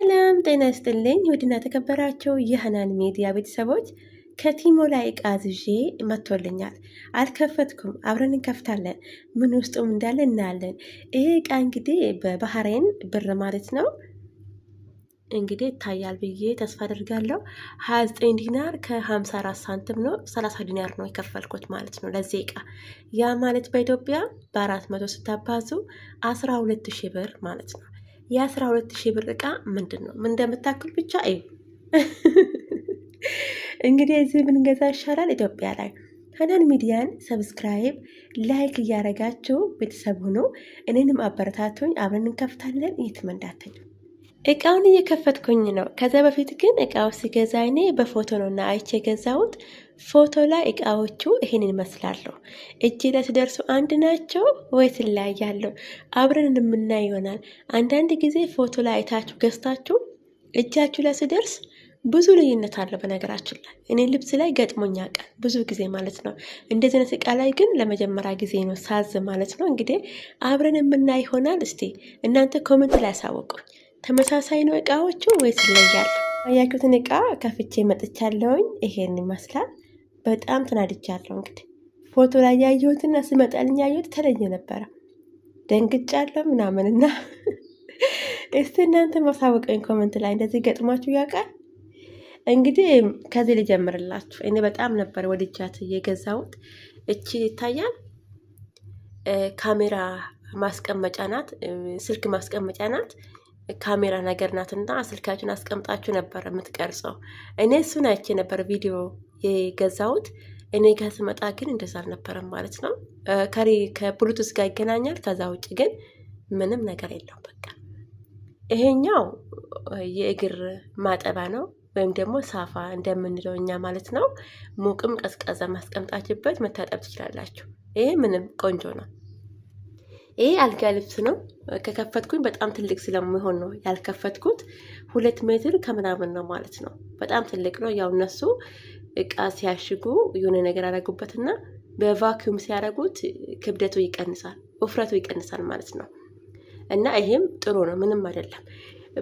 ሰላም ጤና ይስጥልኝ። ውድና ተከበራቸው የህናን ሚዲያ ቤተሰቦች ከቲሞ ላይ እቃ ይዤ መጥቶልኛል። አልከፈትኩም፣ አብረን እንከፍታለን። ምን ውስጡም እንዳለ እናያለን። ይህ እቃ እንግዲህ በባህሬን ብር ማለት ነው እንግዲህ ይታያል ብዬ ተስፋ አደርጋለሁ። ሀያ ዘጠኝ ዲናር ከሀምሳ አራት ሳንቲም ነው። ሰላሳ ዲናር ነው የከፈልኩት ማለት ነው ለዚህ እቃ። ያ ማለት በኢትዮጵያ በአራት መቶ ስታባዙ አስራ ሁለት ሺህ ብር ማለት ነው። የአስራ ሁለት ሺህ ብር እቃ ምንድን ነው ምን እንደምታክል ብቻ እዩ። እንግዲህ እዚህ ብንገዛ ይሻላል ኢትዮጵያ ላይ። ሀናን ሚዲያን ሰብስክራይብ፣ ላይክ እያደረጋችሁ ቤተሰብ ሆኖ እኔንም አበረታቱኝ። አብረን እንከፍታለን። የትም እንዳትሉ። እቃውን እየከፈትኩኝ ነው። ከዛ በፊት ግን እቃው ሲገዛ እኔ በፎቶ ነውና አይቼ ገዛሁት። ፎቶ ላይ እቃዎቹ ይህንን ይመስላሉ። እጅ ላይ ሲደርሱ አንድ ናቸው ወይ ይለያያሉ? አብረን የምናይ ይሆናል። አንዳንድ ጊዜ ፎቶ ላይ አይታችሁ ገዝታችሁ እጃችሁ ላይ ሲደርስ ብዙ ልዩነት አለው። በነገራችን ላይ እኔ ልብስ ላይ ገጥሞኛ ቀን ብዙ ጊዜ ማለት ነው። እንደዚህ አይነት እቃ ላይ ግን ለመጀመሪያ ጊዜ ነው ሳዝ ማለት ነው። እንግዲህ አብረን የምናይ ይሆናል። እስቲ እናንተ ኮመንት ላይ ያሳወቁኝ። ተመሳሳይ ነው እቃዎቹ ወይስ ይለያሉ? አያችሁትን እቃ ከፍቼ መጥቻለሁኝ። ይሄን ይመስላል። በጣም ተናድቻለሁ። እንግዲህ ፎቶ ላይ ያየሁትና ስመጣልኝ ያየሁት ተለየ ነበረ። ደንግጫለሁ ምናምንና እስቲ እናንተ ማሳወቀኝ ኮመንት ላይ እንደዚህ ገጥማችሁ ያውቃል? እንግዲህ ከዚህ ልጀምርላችሁ። እኔ በጣም ነበር ወድጃት የገዛሁት። እቺ ይታያል ካሜራ ማስቀመጫ ናት፣ ስልክ ማስቀመጫ ናት፣ ካሜራ ነገር ናት እና ስልካችሁን አስቀምጣችሁ ነበር የምትቀርጸው። እኔ እሱን አይቼ ነበር ቪዲዮ የገዛሁት። እኔ ጋር ስመጣ ግን እንደዛ አልነበረም ማለት ነው። ከሪ ከብሉቱዝ ጋር ይገናኛል። ከዛ ውጭ ግን ምንም ነገር የለውም። በቃ ይሄኛው የእግር ማጠቢያ ነው ወይም ደግሞ ሳፋ እንደምንለው እኛ ማለት ነው። ሙቅም ቀዝቃዛ ማስቀምጣችበት መታጠብ ትችላላችሁ። ይሄ ምንም ቆንጆ ነው። ይሄ አልጋ ልብስ ነው። ከከፈትኩኝ በጣም ትልቅ ስለሚሆን ነው ያልከፈትኩት። ሁለት ሜትር ከምናምን ነው ማለት ነው። በጣም ትልቅ ነው። ያው እነሱ እቃ ሲያሽጉ የሆነ ነገር ያደረጉበትና በቫኪዩም ሲያደረጉት ክብደቱ ይቀንሳል፣ ውፍረቱ ይቀንሳል ማለት ነው። እና ይሄም ጥሩ ነው፣ ምንም አይደለም።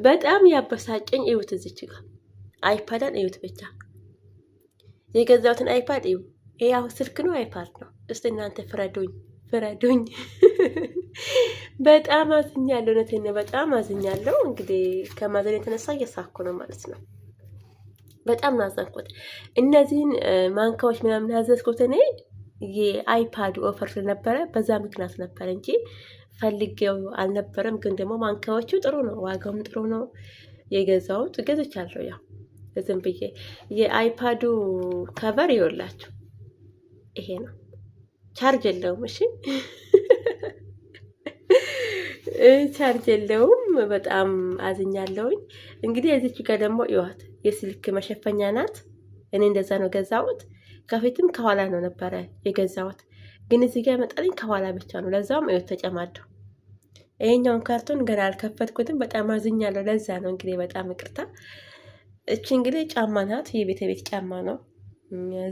በጣም ያበሳጨኝ እዩት፣ እዚች ጋ አይፓዳን እዩት፣ ብቻ የገዛሁትን አይፓድ እዩ። ያው ስልክ ነው አይፓድ ነው? እስቲ እናንተ ፍረዱኝ፣ ፍረዱኝ። በጣም አዝኛለሁ፣ እውነቴን ነው። በጣም አዝኛለሁ። እንግዲህ ከማዘን የተነሳ እየሳኩ ነው ማለት ነው። በጣም ናዘንኩት። እነዚህን ማንካዎች ምናምን ያዘዝኩት እኔ የአይፓድ ኦፈር ስለነበረ በዛ ምክንያት ነበረ እንጂ ፈልጌው አልነበረም። ግን ደግሞ ማንካዎቹ ጥሩ ነው፣ ዋጋውም ጥሩ ነው። የገዛሁት ገዝቻለሁ። ያው ዝም ብዬ የአይፓዱ ከቨር ይወላችሁ ይሄ ነው። ቻርጅ የለውም። እሺ ቻርጅ የለውም። በጣም አዝኛለሁኝ። እንግዲህ የዚች ጋር ደግሞ ይዋት የስልክ መሸፈኛ ናት። እኔ እንደዛ ነው ገዛሁት። ከፊትም ከኋላ ነው ነበረ የገዛሁት፣ ግን እዚህ ጋር መጣልኝ ከኋላ ብቻ ነው። ለዛውም እዩት ተጨማደው ይሄኛውን ካርቶን ገና አልከፈትኩትም። በጣም አዝኛለሁ። ለዛ ነው እንግዲህ በጣም ይቅርታ። እቺ እንግዲህ ጫማ ናት። የቤተ ቤት ጫማ ነው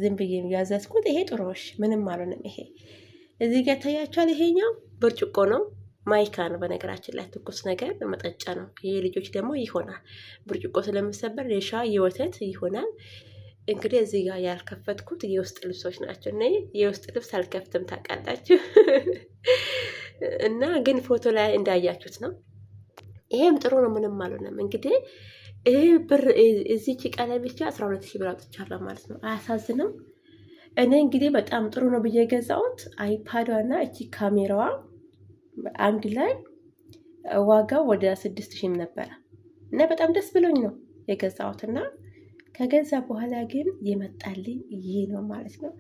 ዝም ብዬ ያዘዝኩት። ይሄ ጥሮሽ ምንም አልሆንም። ይሄ እዚህ ጋር ታያችኋል። ይሄኛው ብርጭቆ ነው። ማይካ ነው። በነገራችን ላይ ትኩስ ነገር መጠጫ ነው። ይህ ልጆች ደግሞ ይሆናል ብርጭቆ ስለምሰበር የሻይ የወተት ይሆናል። እንግዲህ እዚህ ጋር ያልከፈትኩት የውስጥ ልብሶች ናቸው እና የውስጥ ልብስ አልከፍትም ታውቃላችሁ። እና ግን ፎቶ ላይ እንዳያችሁት ነው። ይሄም ጥሩ ነው። ምንም አልሆነም። እንግዲህ ይህ ብር እዚች ቀለም ብቻ አስራ ሁለት ሺህ ብር አውጥቻለሁ ማለት ነው። አያሳዝንም? እኔ እንግዲህ በጣም ጥሩ ነው ብዬ ገዛሁት አይፓዷ እና እቺ ካሜራዋ አንድ ላይ ዋጋው ወደ ስድስት ሺም ነበረ እና በጣም ደስ ብሎኝ ነው የገዛሁት እና ከገዛ በኋላ ግን የመጣልኝ ይህ ነው ማለት ነው።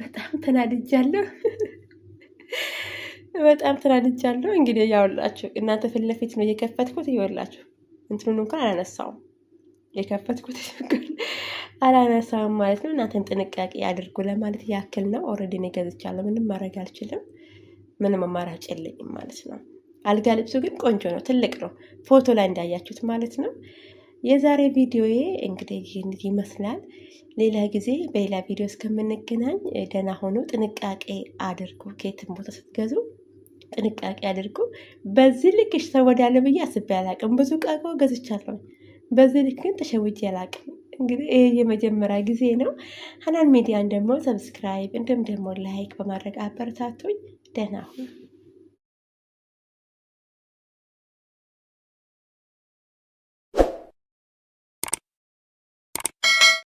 በጣም ተናድጃለሁ። በጣም ተናድጃለሁ። እንግዲህ ያውላችሁ እናንተ ፊት ለፊት ነው የከፈትኩት። ይወላችሁ እንትኑን እንኳን አላነሳውም የከፈትኩት አላነሳውም ማለት ነው። እናንተን ጥንቃቄ አድርጉ ለማለት ያክል ነው። ኦልሬዲ እኔ ገዝቻለሁ። ምንም ማድረግ አልችልም። ምንም አማራጭ የለኝም ማለት ነው። አልጋ ልብሱ ግን ቆንጆ ነው፣ ትልቅ ነው፣ ፎቶ ላይ እንዳያችሁት ማለት ነው። የዛሬ ቪዲዮዬ እንግዲህ ይህን ይመስላል። ሌላ ጊዜ በሌላ ቪዲዮ እስከምንገናኝ ደህና ሆኖ ጥንቃቄ አድርጉ። ከየትም ቦታ ስትገዙ ጥንቃቄ አድርጉ። በዚህ ልክ እሸወዳለሁ ብዬ አስቤ አላቅም። ብዙ ዕቃ ገዝቻለሁ። በዚህ ልክ ግን ተሸውጄ አላቅም። እንግዲህ ይህ የመጀመሪያ ጊዜ ነው። ሀናን ሚዲያን ደግሞ ሰብስክራይብ እንዲሁም ደግሞ ላይክ በማድረግ አበረታቱኝ። 在哪会？